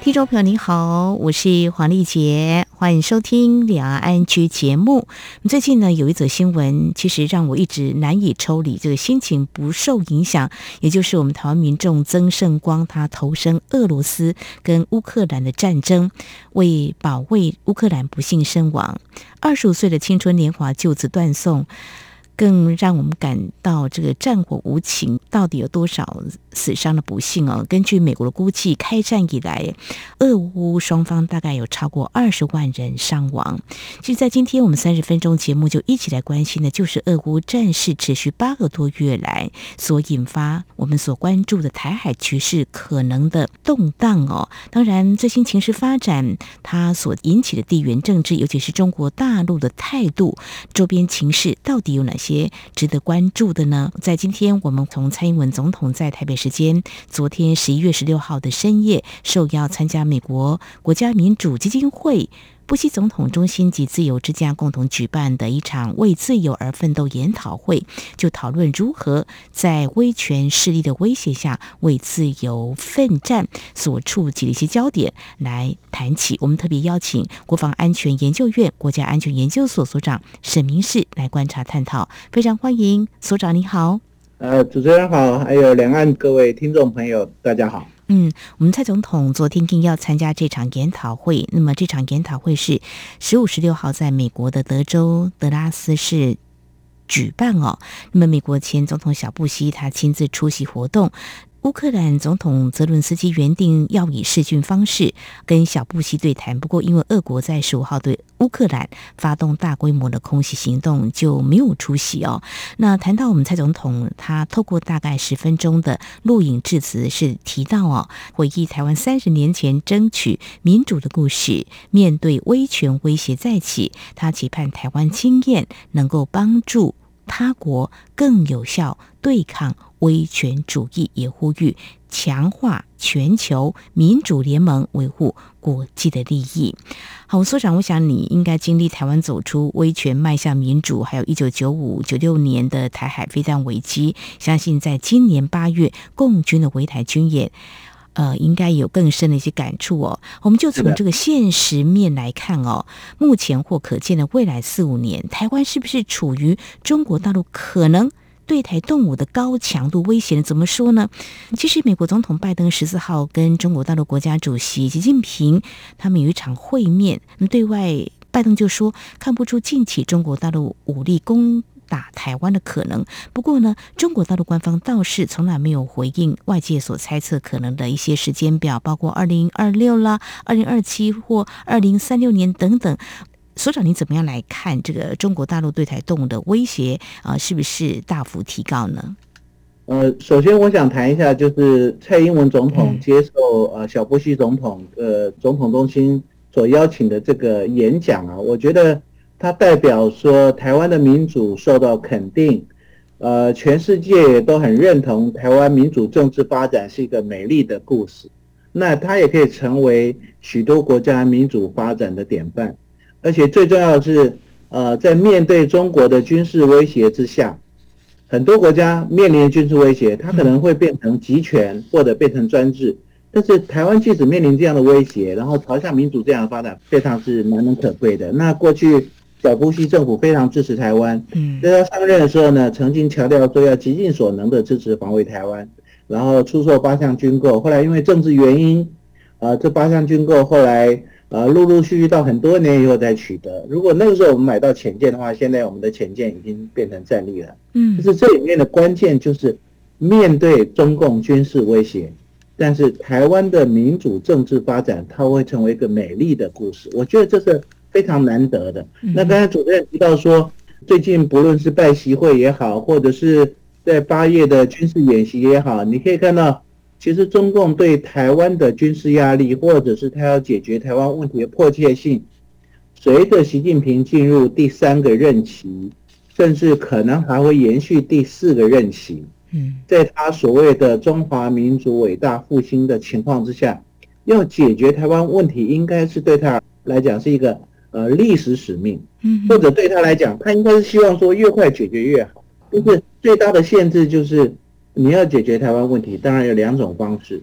聽眾朋友你好，我是黃麗傑，歡迎收聽兩岸 ING 節目。最近呢，有一則新聞，其實讓我一直難以抽離這個、就是、心情，不受影響，也就是我們台灣民眾曾聖光，他投身俄羅斯跟烏克蘭的戰爭，為保衛烏克蘭不幸身亡，二十五歲的青春年華就此斷送。更讓我們感到這個戰火無情，到底有多少死傷的不幸哦。根據美國的估計，開戰以來，俄烏雙方大概有超過二十萬人傷亡。其實在今天我們三十分鐘節目就一起來關心的，就是俄烏戰事持續八個多月來所引發我們所關注的台海局勢可能的動盪哦。當然，最新情勢發展它所引起的地緣政治，尤其是中國大陸的態度、周邊情勢到底有哪些？些值得關注的呢？在今天我們從蔡英文總統在台北時間昨天十一月十六號的深夜受邀參加美國國家民主基金會。布希總統中心及自由之家共同舉辦的一場為自由而奮鬥研討會，就討論如何在威權勢力的威脅下為自由奮戰所觸及的一些焦點來談起。我們特別邀請國防安全研究院國家安全研究所所長沈明室來觀察探討，非常歡迎所長。你好，呃，主持人好，還有兩岸各位聽眾朋友，大家好。嗯，我們蔡總統昨天受邀參加這場研討會，那麼這場研討會是十五、十六號在美國的德州德拉斯市舉辦哦。那麼美國前總統小布希他親自出席活動。烏克蘭總統澤倫斯基原定要以視訊方式跟小布希對談，不過因為俄國在十五號對烏克蘭發動大規模的空襲行動，就沒有出席哦。那談到我們蔡總統，他透過大概十分鐘的錄影致詞，是提到哦，回憶台灣三十年前爭取民主的故事，面對威權威脅再起，他期盼台灣經驗能夠幫助他國更有效對抗。威權主義，也呼籲強化全球民主聯盟，維護國際的利益。好，所長，我想你應該經歷台灣走出威權，邁向民主，還有一九九五、九六年的台海飛彈危機。相信在今年八月，共軍的圍台軍演，呃，應該有更深的一些感觸哦。我們就從這個現實面來看哦，目前或可見的未來四五年，台灣是不是處於中國大陸可能對台動武的高強度威脅，怎麼說呢？其實，美國總統拜登十四號跟中國大陸國家主席習近平他們有一場會面。那對外拜登就說看不出近期中國大陸武力攻打台灣的可能。不過呢，中國大陸官方倒是從來沒有回應外界所猜測可能的一些時間表，包括二零二六啦、二零二七或二零三六年等等。所長，您怎麼樣來看這個中國大陸對台動武的威脅啊、呃，是不是大幅提高呢？呃，首先我想談一下，就是蔡英文總統接受、嗯、呃小布希總統呃總統中心所邀請的這個演講啊，我覺得他代表說台灣的民主受到肯定，呃，全世界也都很認同台灣民主政治發展是一個美麗的故事，那它也可以成為許多國家民主發展的典範。而且最重要的是，呃，在面對中國的軍事威脅之下，很多國家面臨的軍事威脅，它可能會變成集權或者變成專制。嗯、但是台灣即使面臨這樣的威脅，然後朝向民主這樣的發展，非常是難能可貴的。那過去小布希政府非常支持台灣，嗯，在他上任的時候呢，曾經強調說要竭盡所能的支持防衛台灣，然後出售八項軍購。後來因為政治原因，呃，這八項軍購後來。啊，陸陸續續到很多年以後才取得。如果那個時候我們買到潛艦的話，現在我們的潛艦已經變成戰力了。嗯，就是這裡面的關鍵就是面對中共軍事威脅，但是台灣的民主政治發展，它會成為一個美麗的故事。我覺得這是非常難得的。嗯、那剛才主持人提到說，最近不論是拜習會也好，或者是在八月的軍事演習也好，你可以看到。其實，中共對台灣的軍事壓力，或者是他要解決台灣問題的迫切性，隨着習近平進入第三個任期，甚至可能還會延續第四個任期。在他所謂的中華民族偉大復興的情況之下，要解決台灣問題，應該是對他來講是一個呃歷史使命。或者對他來講，他應該是希望說越快解決越好。就是最大的限制就是。你要解決台灣問題，當然有兩種方式，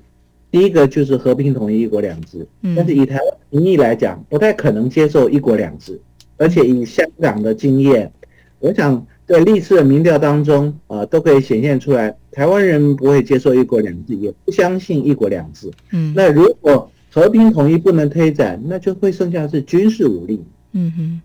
第一個就是和平統一一國兩制，嗯、但是以台灣民意來講，不太可能接受一國兩制，而且以香港的經驗，我想在歷次的民調當中，啊、呃，都可以顯現出來，台灣人不會接受一國兩制，也不相信一國兩制。嗯，那如果和平統一不能推展，那就會剩下的是軍事武力。嗯哼，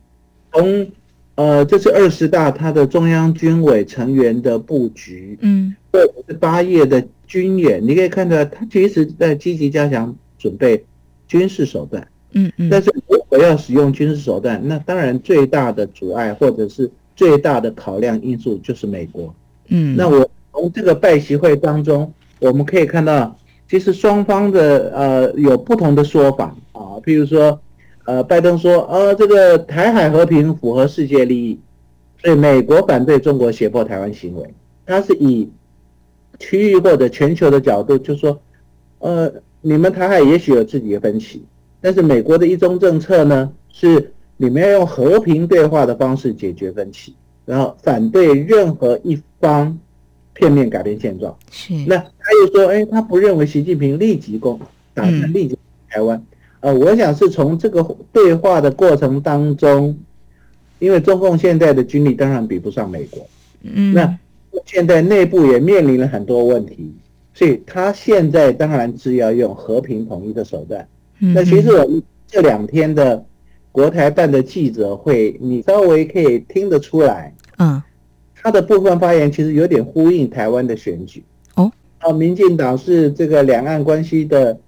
從呃，這次二十大他的中央軍委成員的布局，嗯。對，八月的軍演，你可以看到，他其實在積極加強準備軍事手段。嗯嗯。但是如果要使用軍事手段，那當然最大的阻礙或者是最大的考量因素就是美國。嗯。那我從這個拜習會當中，我們可以看到，其實雙方的呃有不同的說法啊。比如說，呃，拜登說，呃、哦，這個台海和平符合世界利益，所以美國反對中國脅迫台灣行為。他是以。區域或者全球的角度，就說，呃，你們台海也許有自己的分歧，但是美國的一中政策呢，是你們要用和平對話的方式解決分歧，然後反對任何一方片面改變現狀。是，那他又說，哎、欸，他不認為習近平立即攻，打算立即攻台灣。嗯、呃，我想是從這個對話的過程當中，因為中共現在的軍力當然比不上美國。嗯，那。現在內部也面臨了很多問題，所以他現在當然是要用和平統一的手段。嗯嗯，那其實我們這兩天的國台辦的記者會，你稍微可以聽得出來，啊，他的部分發言其實有點呼應台灣的選舉哦。啊，民進黨是這個兩岸關係的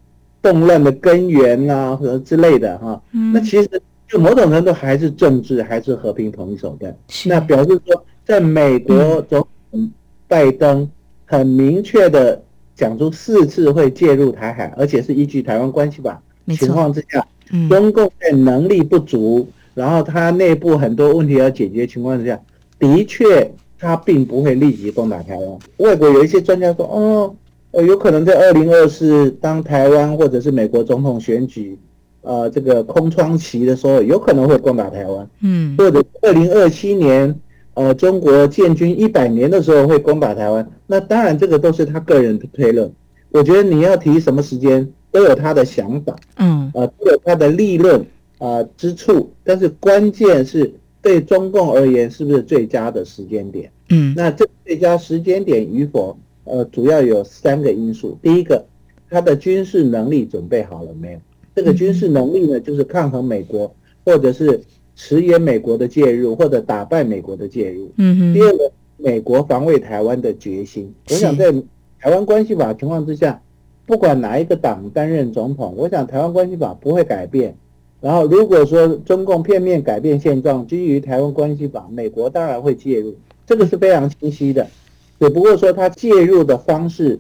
動亂的根源吶、啊，和之類的哈、啊。嗯、那其實就某種程度還是政治，還是和平統一手段。是那表示說，在美國總。嗯嗯，拜登很明確的講出四次會介入台海，而且是依據台灣關係法情況之下，嗯、中共的能力不足，然後他內部很多問題要解決的情況下，的確他並不會立即攻打台灣。外國有一些專家說，哦，有可能在二零二四當台灣或者是美國總統選舉，呃，這個空窗期的時候，有可能會攻打台灣。嗯，或者二零二七年。呃，中國建軍一百年的時候會攻打台灣，那當然這個都是他個人的推論。我覺得你要提什麼時間，都有他的想法，嗯，呃，都有他的立論啊之處。但是關鍵是對中共而言，是不是最佳的時間點？嗯，那這最佳時間點與否，呃，主要有三個因素。第一個，他的軍事能力準備好了沒有？嗯、這個軍事能力呢，就是抗衡美國或者是。遲延美國的介入，或者打敗美國的介入。嗯嗯哼。第二個，美國防衛台灣的決心。是我想在台灣關係法情況之下，不管哪一個黨擔任總統，我想台灣關係法不會改變。然後，如果說中共片面改變現狀，基於台灣關係法，美國當然會介入。這個是非常清晰的，只不過說它介入的方式，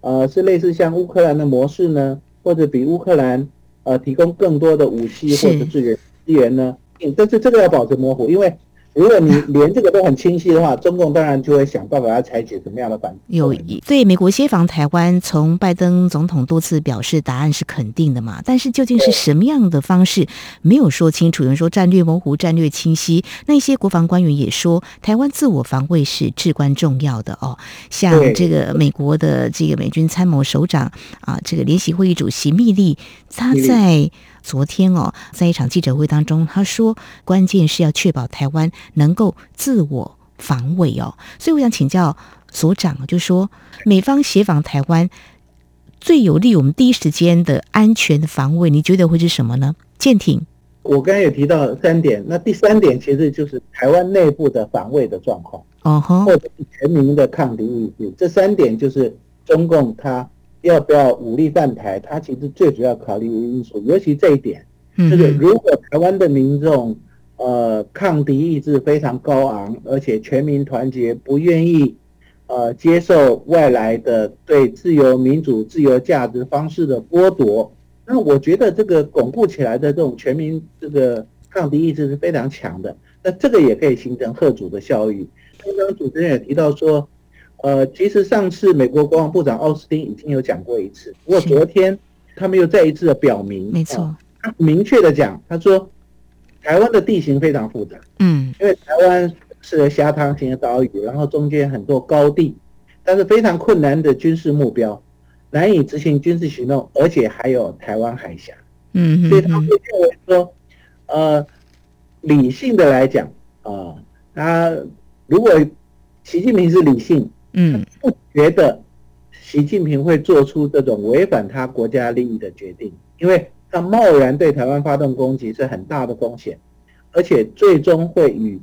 呃，是類似像烏克蘭的模式呢，或者比烏克蘭呃提供更多的武器或者資源資源呢？但是這個要保持模糊，因為如果你連這個都很清晰的話， 中共當然就會想辦法要採取什麼樣的反應。有疑，對美國協防台灣，從拜登總統多次表示答案是肯定的嘛？但是究竟是什麼樣的方式對沒有說清楚。有人說戰略模糊、戰略清晰，那一些國防官員也說台灣自我防衛是至關重要的哦。像這個美國的這個美軍參謀首長啊，這個聯席會議主席密利，他在。昨天哦，在一場記者會當中，他說關鍵是要確保台灣能夠自我防衛哦。所以我想請教所長就說美方協防台灣最有利於我們第一時間的安全的防衛，你覺得會是什麼呢？艦艇，我剛才也提到三點，那第三點其實就是台灣內部的防衛的狀況，或者是全民的抗敵意志，這三點就是中共它。要不要武力站臺？它其實最主要考慮的因素，尤其這一點，就是如果台灣的民眾，呃，抗敵意志非常高昂，而且全民團結，不願意，呃，接受外來的對自由民主、自由價值方式的剝奪，那我覺得這個鞏固起來的這種全民這個抗敵意志是非常強的，那這個也可以形成嚇阻的效益。剛剛主持人也提到說。呃，其實上次美國國防部長奧斯汀已經有講過一次，行不過昨天他們又再一次的表明，沒錯錯、呃，他明確的講，他說台灣的地形非常複雜，嗯，因為台灣是個狹長型的島嶼，然後中間很多高地，但是非常困難的軍事目標，難以執行軍事行動，而且還有台灣海峽，嗯哼哼，所以他會認為說，呃，理性的來講啊、呃，他如果習近平是理性。嗯，不覺得習近平會做出這種違反他國家利益的決定，因為他貿然對台灣發動攻擊是很大的風險，而且最終會以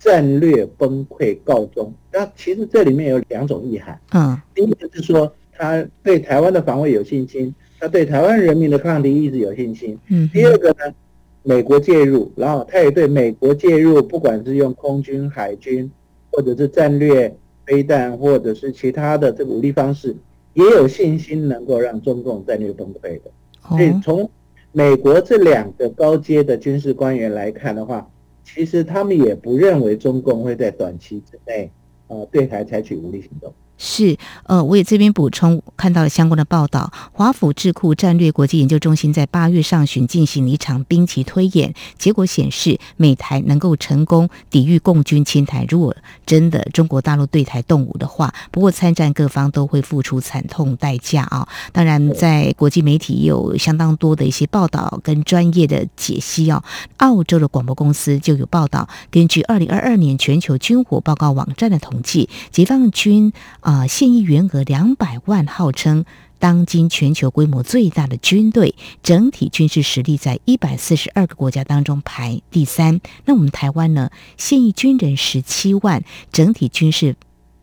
戰略崩潰告終。那其實這裡面有兩種意涵，嗯，第一個就是說他對台灣的防衛有信心，他對台灣人民的抗敵意志有信心，嗯，第二個呢，美國介入，然後他也對美國介入，不管是用空軍、海軍或者是戰略。飛彈或者是其他的這個武力方式，也有信心能夠讓中共戰略崩潰的。所以從美國這兩個高階的軍事官員來看的話，其實他們也不認為中共會在短期之內呃對台採取武力行動。是，呃，我也這邊補充看到了相關的報道。華府智庫戰略國際研究中心在八月上旬進行了一場兵棋推演，結果顯示，美台能夠成功抵禦共軍侵台。如果真的中國大陸對台動武的話，不過參戰各方都會付出慘痛代價啊！當然，在國際媒體有相當多的一些報道跟專業的解析啊。澳洲的廣播公司就有報道，根據二零二二年全球軍火報告網站的統計，解放軍，啊啊、呃，現役員額兩百萬，號稱當今全球規模最大的軍隊，整體軍事實力在一百四十二個國家當中排第三。那我們台灣呢？現役軍人十七萬，整體軍事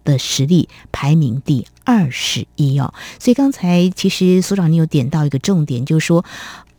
的實力排名第二十一。哦，所以剛才其實所長你有點到一個重點，就是說。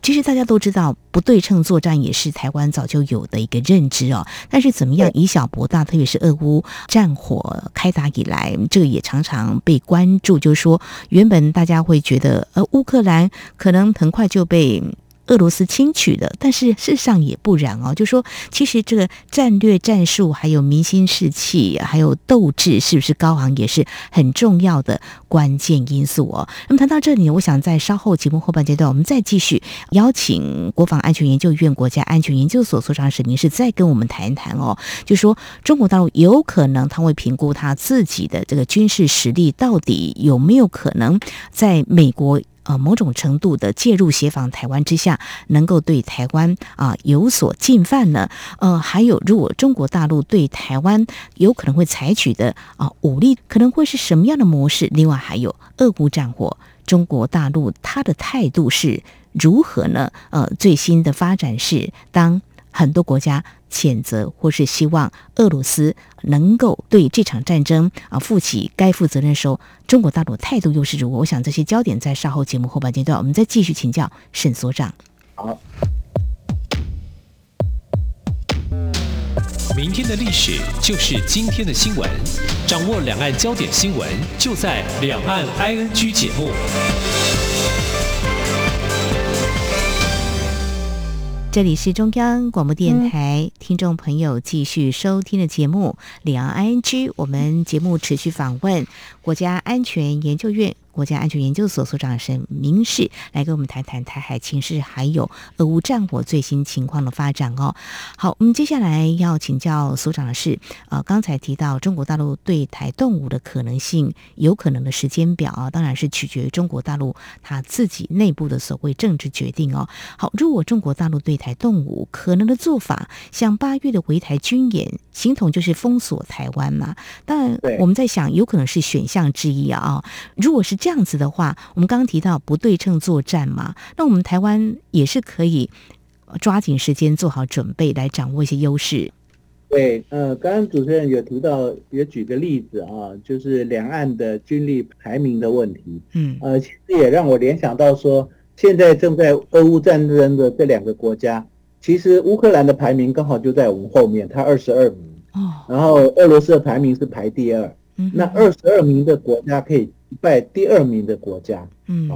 其實大家都知道，不對稱作戰也是台灣早就有的一個認知哦。但是怎麼樣以小博大，特別是俄烏戰火開打以來，這個也常常被關注。就是說，原本大家會覺得，呃，烏克蘭可能很快就被。俄羅斯輕取的，但是事實上也不然哦。就說其實這個戰略戰術，還有民心士氣，還有鬥志是不是高昂，也是很重要的關鍵因素哦。那麼談到這裡，我想在稍後節目後半階段，我們再繼續邀請國防安全研究院國家安全研究所所長沈明室再跟我們談一談哦。就說中國大陸有可能他會評估他自己的這個軍事實力到底有沒有可能在美國。呃，某種程度的介入協防台灣之下，能夠對台灣啊、呃、有所進犯呢？呃，還有如果中國大陸對台灣有可能會採取的啊、呃、武力，可能會是什麼樣的模式？另外還有俄烏戰火，中國大陸他的態度是如何呢？呃，最新的發展是當。很多國家譴責或是希望俄羅斯能夠對這場戰爭啊負起該負責任的時候，中國大陸態度又是如何？我想這些焦點在稍後節目後半階段，我們再繼續請教沈所長。好，明天的歷史就是今天的新聞，掌握兩岸焦點新聞就在《兩岸 ING》節目。這裡是中央廣播電台、嗯、聽眾朋友繼續收聽的節目《兩岸 ING》，我們節目持續訪問國家安全研究院。國家安全研究所所長沈明室來跟我們談談台海情勢，還有俄烏戰火最新情況的發展哦。好，嗯，我們接下來要請教所長的是，呃，剛才提到中國大陸對台動武的可能性，有可能的時間表啊，當然是取決於中國大陸他自己內部的所謂政治決定哦。好，如果中國大陸對台動武可能的做法，像八月的圍台軍演，形同就是封鎖台灣嘛。但我們在想，對有可能是選項之一啊。如果是。這樣子的話，我們剛剛提到不對稱作戰嘛，那我們台灣也是可以抓緊時間做好準備，來掌握一些優勢。對，呃，剛剛主持人也提到，也舉個例子啊，就是兩岸的軍力排名的問題。嗯，呃，其實也讓我聯想到說，現在正在俄烏戰爭的這兩個國家，其實烏克蘭的排名剛好就在我們後面，它二十二名。哦，然後俄羅斯的排名是排第二。嗯哼，那二十二名的國家可以，敗第二名的國家，嗯，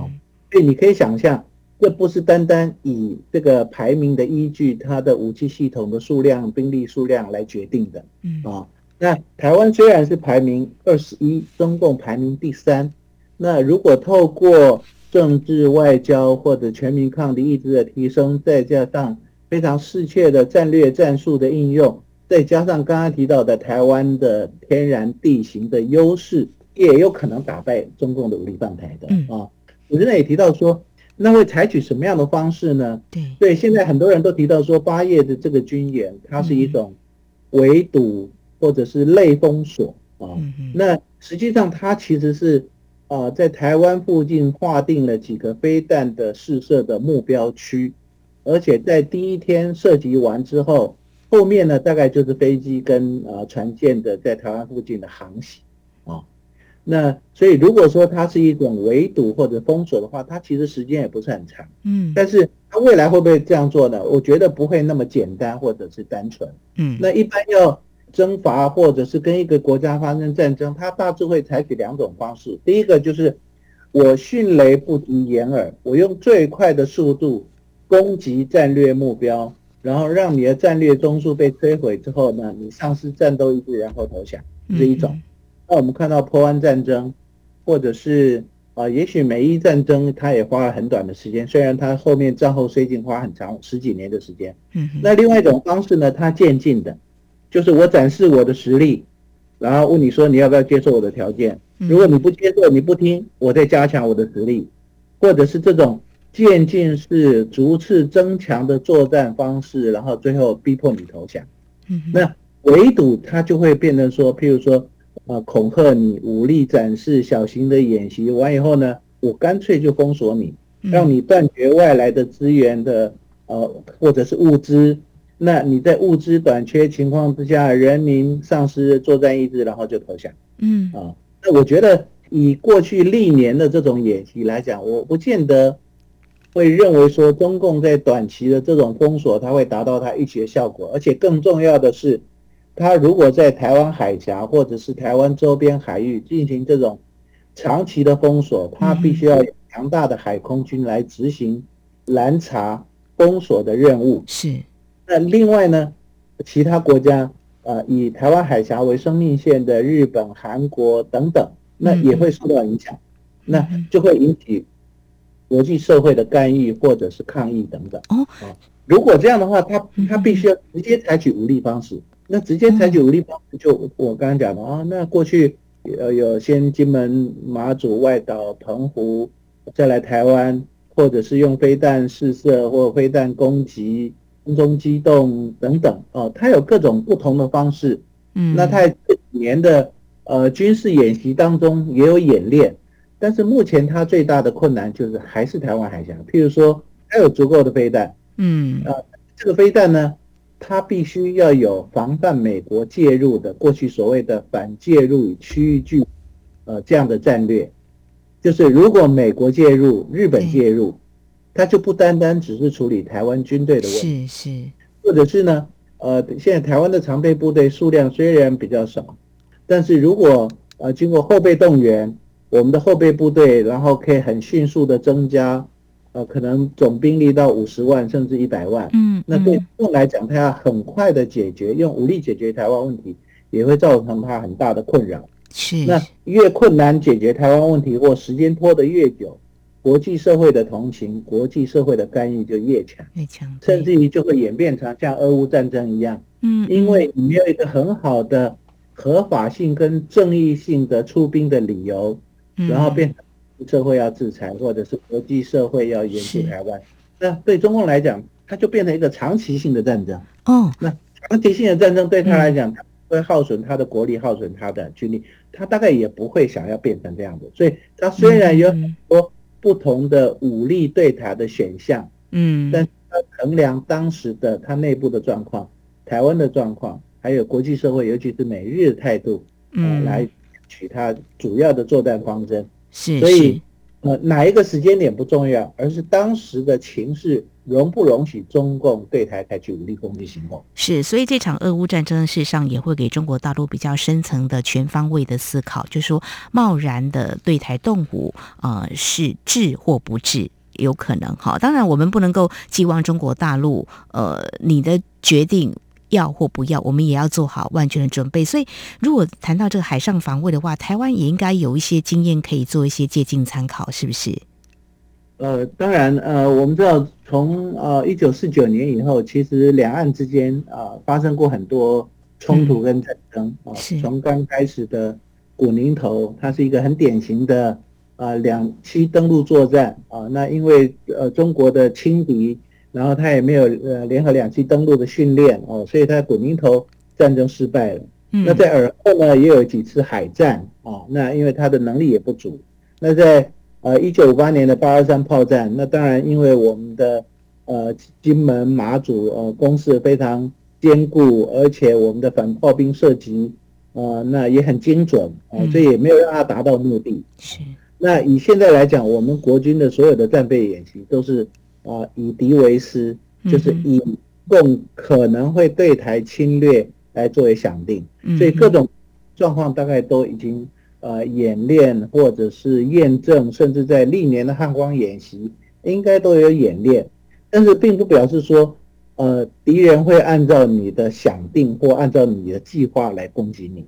所以你可以想象，這不是單單以這個排名的依據，它的武器系統的數量、兵力數量來決定的，嗯，啊、哦，那台灣雖然是排名二十一，中共排名第三，那如果透過政治外交或者全民抗敵意志的提升，再加上非常適切的戰略戰術的應用，再加上剛剛提到的台灣的天然地形的優勢。也有可能打敗中共的武力犯台的啊！我現在也提到說，那會採取什麼樣的方式呢？對現在很多人都提到說，八月的這個軍演，它是一種圍堵或者是類封鎖啊。那實際上它其實是啊、呃，在台灣附近劃定了幾個飛彈的試射的目標區，而且在第一天射擊完之後，後面呢大概就是飛機跟呃船艦的在台灣附近的航行。那所以，如果說它是一種圍堵或者封鎖的話，它其實時間也不是很長，嗯。但是它未來會不會這樣做呢？我覺得不會那麼簡單或者是單純，嗯。那一般要征伐或者是跟一個國家發生戰爭，它大致會採取兩種方式。第一個就是我迅雷不及掩耳，我用最快的速度攻擊戰略目標，然後讓你的戰略中樞被摧毀之後呢，你喪失戰鬥意志然後投降，是一種。嗯我們看到波灣戰爭，或者是啊、呃，也許美伊戰爭，它也花了很短的時間，雖然它後面戰後綏靖花很長十幾年的時間。那另外一種方式呢，它漸進的，就是我展示我的實力，然後問你說你要不要接受我的條件？如果你不接受，你不聽，我再加強我的實力，或者是這種漸進式逐次增強的作戰方式，然後最後逼迫你投降。那圍堵它就會變成說，譬如說。啊！恐嚇你，武力展示小型的演習完以後呢，我乾脆就封鎖你，讓你斷絕外來的資源的呃，或者是物資。那你在物資短缺情況之下，人民喪失作戰意志，然後就投降。呃、嗯啊，那我覺得以過去歷年的這種演習來講，我不見得會認為說中共在短期的這種封鎖，它會達到它預期的效果。而且更重要的是。他如果在台灣海峽或者是台灣周邊海域進行這種長期的封鎖，他必須要有強大的海空軍來執行攔查封鎖的任務。是。那另外呢，其他國家啊、呃，以台灣海峽為生命線的日本、韓國等等，那也會受到影響，嗯、那就會引起國際社會的干預或者是抗議等等、哦啊。如果這樣的話，他他必須要直接採取武力方式。那直接採取武力，嗯、就我剛剛講的啊，那過去有有先金門、馬祖、外島、澎湖，再來台灣，或者是用飛彈試射或者飛彈攻擊、空中機動等等哦，它有各種不同的方式。嗯，那它這幾年的呃軍事演習當中也有演練，但是目前它最大的困難就是還是台灣海峽，譬如說它有足夠的飛彈，呃、嗯，啊，這個飛彈呢？他必須要有防範美國介入的過去所謂的反介入與區域拒呃，這樣的戰略，就是如果美國介入，日本介入，欸、他就不單單只是處理台灣軍隊的問題，是是，或者是呢，呃，現在台灣的常備部隊數量雖然比較少，但是如果呃經過後備動員，我們的後備部隊然後可以很迅速的增加。呃，可能總兵力到五十萬甚至一百萬，嗯，嗯，那對用來講，他要很快的解決，用武力解決台灣問題，也會造成他很大的困擾。是，那越困難解決台灣問題，或時間拖得越久，國際社會的同情、國際社會的干預就越強，越強，甚至於就會演變成像俄烏戰爭一樣，嗯，因為你沒有一個很好的合法性跟正義性的出兵的理由，嗯、然後變成。社會要制裁，或者是國際社會要援助台灣，是那對中共來講，它就變成一個長期性的戰爭。哦，oh，那長期性的戰爭對他來講，嗯、會耗損他的國力，耗損他的軍力。他大概也不會想要變成這樣子。所以，他雖然有很多不同的武力對台的選項，嗯，但是他衡量當時的他內部的狀況、嗯、台灣的狀況，還有國際社會，尤其是美日的態度，呃、嗯，來取他主要的作戰方針。是，所以，是是呃，哪一個時間點不重要，而是當時的情勢容不容許中共對台採取武力攻擊行動。是，所以這場俄烏戰爭事實上也會給中國大陸比較深層的全方位的思考，就是說，貿然的對台動武，呃，是智或不智，有可能。好，當然我們不能夠寄望中國大陸，呃，你的決定。要或不要，我們也要做好萬全的準備。所以，如果談到這個海上防衛的話，台灣也應該有一些經驗可以做一些借鑑參考，是不是？呃，當然，呃，我們知道從呃一九四九年以後，其實兩岸之間啊、呃、發生過很多衝突跟戰爭啊。從剛開始的古寧頭，它是一個很典型的啊、呃、兩棲登陸作戰啊、呃。那因為呃中國的輕敵。然後他也沒有呃聯合兩棲登陸的訓練哦，所以他古寧頭戰爭失敗了。嗯、那在爾後呢也有幾次海戰啊、哦，那因為他的能力也不足。那在呃一九五八年的八二三炮戰，那當然因為我們的呃金門馬祖呃工事非常堅固，而且我們的反炮兵射擊呃那也很精準啊、呃，所以也沒有讓他達到目的、嗯。是。那以現在來講，我們國軍的所有的戰備演習都是。啊，以敵為師，就是以共可能會對台侵略來作為想定，所以各種狀況大概都已經呃演練或者是驗證，甚至在歷年的漢光演習應該都有演練，但是並不表示說呃敵人會按照你的想定或按照你的計劃來攻擊你，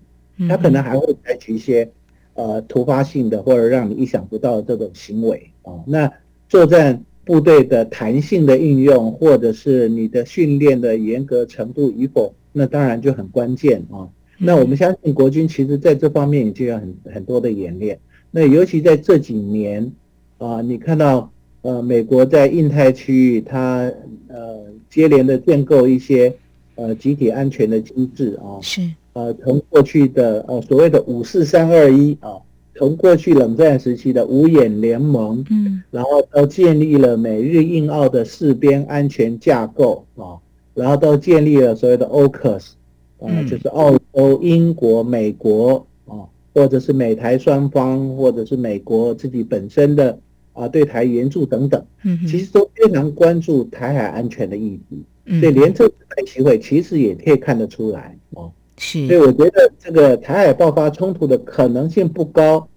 他可能還會採取一些呃突發性的或者讓你意想不到的這種行為啊、呃，那作戰。部隊的彈性的應用，或者是你的訓練的嚴格程度與否，那當然就很關鍵啊。那我們相信國軍其實在這方面已經有很很多的演練。那尤其在這幾年，啊、呃，你看到呃，美國在印太區域，它呃接連的建構一些呃集體安全的機制啊，是呃從過去的呃所謂的五四三二一啊。從過去冷戰時期的五眼聯盟，嗯，然後都建立了美日印澳的四邊安全架構啊、哦，然後都建立了所謂的 AUKUS，呃嗯，就是澳洲、嗯、英國、美國啊、哦，或者是美台雙方，或者是美國自己本身的啊對台援助等等，嗯哼，其實都非常關注台海安全的議題，嗯哼，所以連這次的習會其實也可以看得出來啊。哦所以是我覺得這個台海爆發衝突的可能性不高，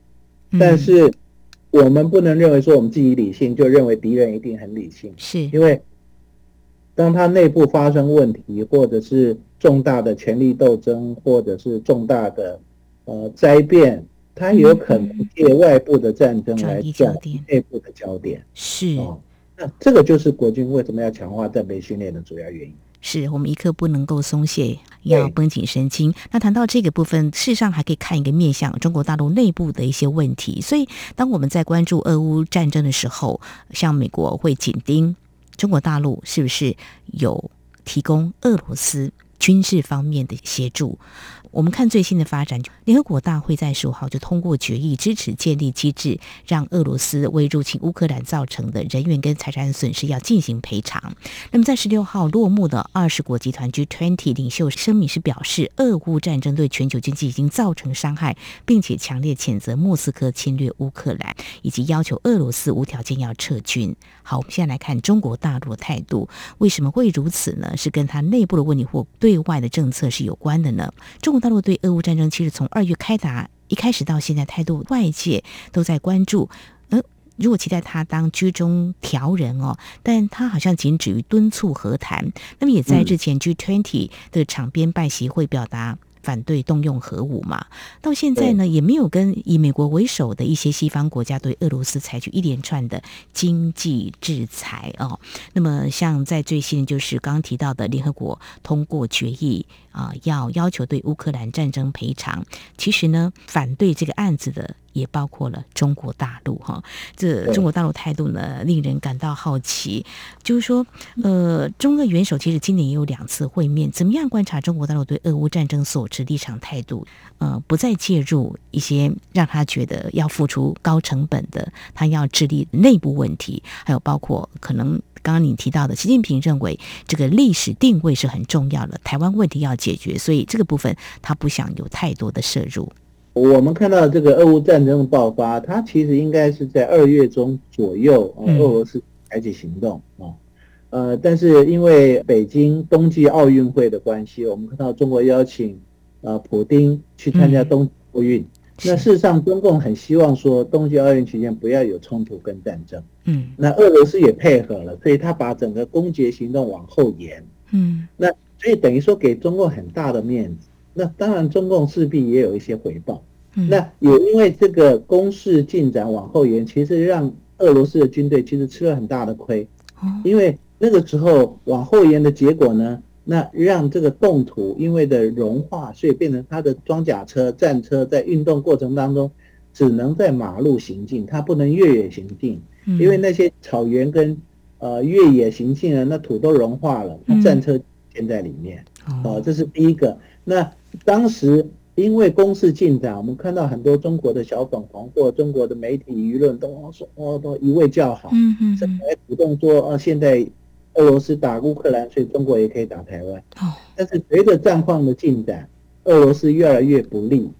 嗯、但是我們不能認為說我們自己理性，就認為敵人一定很理性。是，因為當他內部發生問題，或者是重大的權力鬥爭，或者是重大的呃災變，他有可能借外部的戰爭來轉移內部的焦點。嗯、是、哦，那這個就是國軍為什麼要強化戰備訓練的主要原因。是我們一刻不能夠鬆懈，要繃緊神經。對那談到這個部分，事實上還可以看一個面向，中國大陸內部的一些問題。所以，當我們在關注俄烏戰爭的時候，像美國會緊盯中國大陸是不是有提供俄羅斯軍事方面的協助。我們看最新的發展，聯合國大會在十五號就通過決議支持建立機制，讓俄羅斯為入侵烏克蘭造成的人員跟財產損失要進行賠償。那麼在十六號落幕的二十國集團 G20 領袖聲明是表示，俄烏戰爭對全球經濟已經造成傷害，並且強烈譴責莫斯科侵略烏克蘭，以及要求俄羅斯無條件要撤軍。好，我們現在來看中國大陸的態度，為什麼會如此呢？是跟它內部的問題或對外的政策是有關的呢？中國大陸對俄烏戰爭，其實從二月開打一開始到現在，態度外界都在關注。嗯、呃、如果期待他當居中調人哦，但他好像僅止於敦促和談。那麼也在之前 G20 的場邊拜習會表達。嗯反對動用核武嘛，到現在呢也沒有跟以美國為首的一些西方國家對俄羅斯採取一連串的經濟制裁哦。那麼像在最新就是剛剛提到的聯合國通過決議。啊，要要求對烏克蘭戰爭賠償，其實呢，反對這個案子的也包括了中國大陸哈。這中國大陸態度呢，令人感到好奇。就是說，呃，中俄元首其實今年也有兩次會面，怎麼樣觀察中國大陸對俄烏戰爭所持立場態度？呃，不再介入一些讓他覺得要付出高成本的，他要治理內部問題，還有包括可能剛剛你提到的，習近平認為這個歷史定位是很重要的，台灣問題要。解決，所以這個部分他不想有太多的涉入。我們看到這個俄烏戰爭的爆發，它其實應該是在二月中左右，俄羅斯採取行動啊。嗯、呃，但是因為北京冬季奧運會的關係，我們看到中國邀請啊普丁去參加冬奧運。嗯、那事實上，中共很希望說冬季奧運期間不要有衝突跟戰爭。嗯，那俄羅斯也配合了，所以他把整個攻擊行動往後延。嗯，那。所以等於說給中共很大的面子，那當然中共勢必也有一些回報。嗯、那也因為這個攻勢進展往後延，其實讓俄羅斯的軍隊其實吃了很大的虧，因為那個時候往後延的結果呢，那讓這個凍土因為的融化，所以變成它的裝甲車、戰車在運動過程當中只能在馬路行進，它不能越野行進，嗯、因為那些草原跟呃越野行進啊，那土都融化了，那戰車。現在裡面，哦，這是第一個。那當時因為攻勢進展，我們看到很多中國的小粉紅或中國的媒體輿論都說、哦哦，都一味叫好，嗯嗯，主動說、哦、現在俄羅斯打烏克蘭，所以中國也可以打台灣。但是隨着戰況的進展，俄羅斯越來越不利，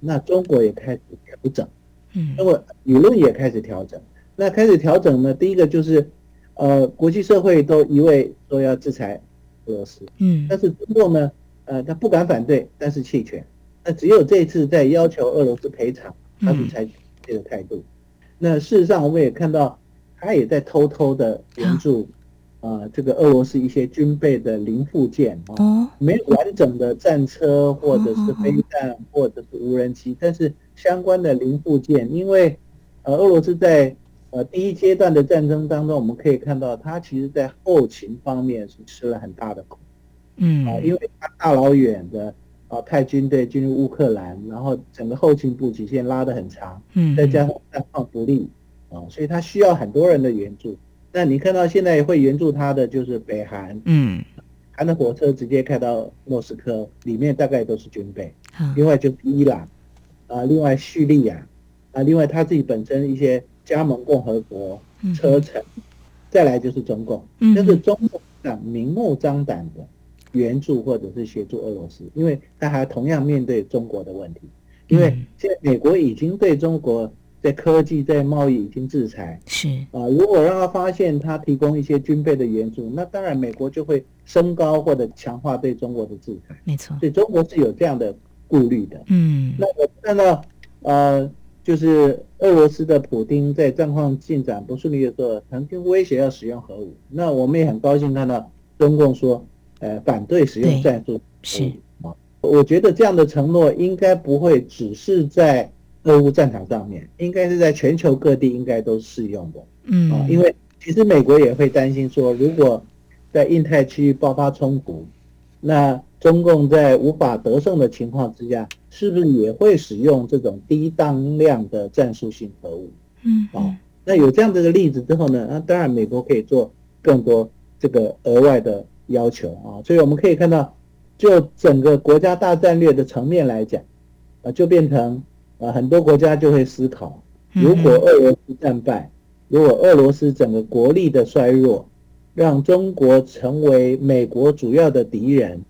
那中國也開始調整，嗯，那麼輿論也開始調整。那開始調整呢，第一個就是，呃，國際社會都一味說要制裁。俄羅斯，嗯，但是中國呢，呃，他不敢反對，但是棄權。那只有這次在要求俄羅斯賠償，他們才有這個態度。嗯、那事實上，我們也看到他也在偷偷的援助啊、呃，這個俄羅斯一些軍備的零部件哦，沒有完整的戰車或者是飛彈或者是無人機，但是相關的零部件，因為呃，俄羅斯在。呃，第一階段的戰爭當中，我們可以看到，他其實在後勤方面是吃了很大的苦。嗯，啊、呃，因為他大老遠的啊派、呃、軍隊進入烏克蘭，然後整個後勤補給線拉得很長，嗯，再加上戰況不利啊，所以他需要很多人的援助。那你看到現在也會援助他的就是北韓，嗯，他的火車直接開到莫斯科，裡面大概都是軍備。好、嗯呃，另外就是伊朗，啊，另外敘利亞，啊，另外他自己本身一些。加盟共和國車臣，嗯、哼再來就是中共，但、嗯、哼是中共敢明目張膽的援助或者是協助俄羅斯，因為他還同樣面對中國的問題，因為現在美國已經對中國在科技在貿易已經制裁，是啊、呃，如果讓他發現他提供一些軍備的援助，那當然美國就會升高或者強化對中國的制裁，沒錯，對中國是有這樣的顧慮的，嗯，那我看到呃。就是俄羅斯的普丁在戰況進展不順利的時候，曾經威脅要使用核武。那我們也很高興看到中共說，呃，反對使用戰術核武是啊，我覺得這樣的承諾應該不會只是在俄烏戰場上面，應該是在全球各地應該都適用的。嗯，啊，因為其實美國也會擔心說，如果在印太區域爆發衝突，那。中共在無法得勝的情況之下，是不是也會使用這種低當量的戰術性核武？嗯,嗯，啊、哦，那有這樣的一個例子之後呢？那、啊、當然美國可以做更多這個額外的要求啊。所以我們可以看到，就整個國家大戰略的層面來講，啊，就變成啊，很多國家就會思考：如果俄羅斯戰敗，如果俄羅斯整個國力的衰弱，讓中國成為美國主要的敵人。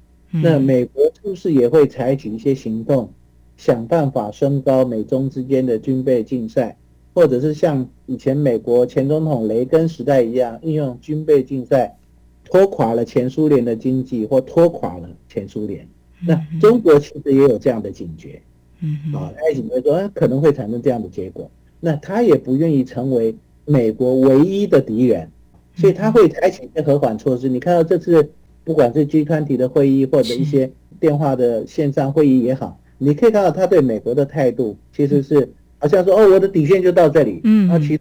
那美國是不是也會採取一些行動，想辦法升高美中之間的軍備競賽，或者是像以前美國前總統雷根時代一樣，運用軍備競賽拖垮了前蘇聯的經濟，或拖垮了前蘇聯。那中國其實也有這樣的警覺，嗯、哼啊，他警覺說，可能會產生這樣的結果。那他也不願意成為美國唯一的敵人，所以他會採取一些和緩措施。你看到這次。不管是 G 團體的會議或者一些電話的線上會議也好，你可以看到他對美國的態度其實是好像說哦，我的底線就到這裡，嗯，那其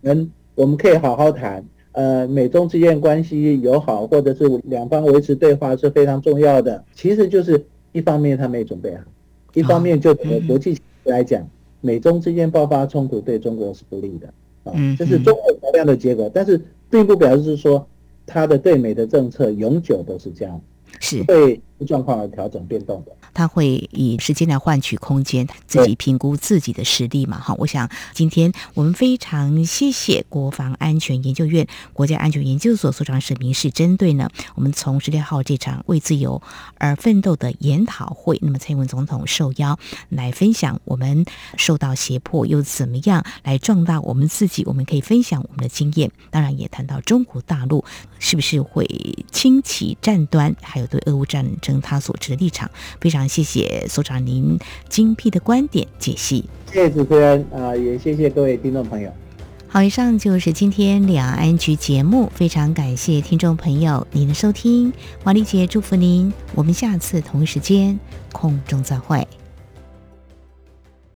能我們可以好好談，呃，美中之間關係友好或者是兩方維持對話是非常重要的。其實就是一方面他沒準備好，一方面就整個國際情勢來講，美中之間爆發衝突對中國是不利的，啊，這是綜合考量的結果。但是並不表示是說。他的對美的政策永久都是這樣，是會狀況而調整變動的。他會以時間來換取空間，自己評估自己的實力嘛？好，我想今天我們非常謝謝國防安全研究院國家安全研究所所長沈明室針對呢我們從十六號這場為自由而奮鬥的研討會，那麼蔡英文總統受邀來分享我們受到脅迫又怎麼樣來壯大我們自己，我們可以分享我們的經驗。當然也談到中國大陸是不是會輕啟戰端，還有對俄烏戰爭他所持的立場非常。謝謝所長，您精闢的觀點解析。謝謝主持人，啊，也謝謝各位聽眾朋友。好，以上就是今天兩岸 ING 節目，非常感謝聽眾朋友您的收聽。王麗姐祝福您，我們下次同一時間空中再會。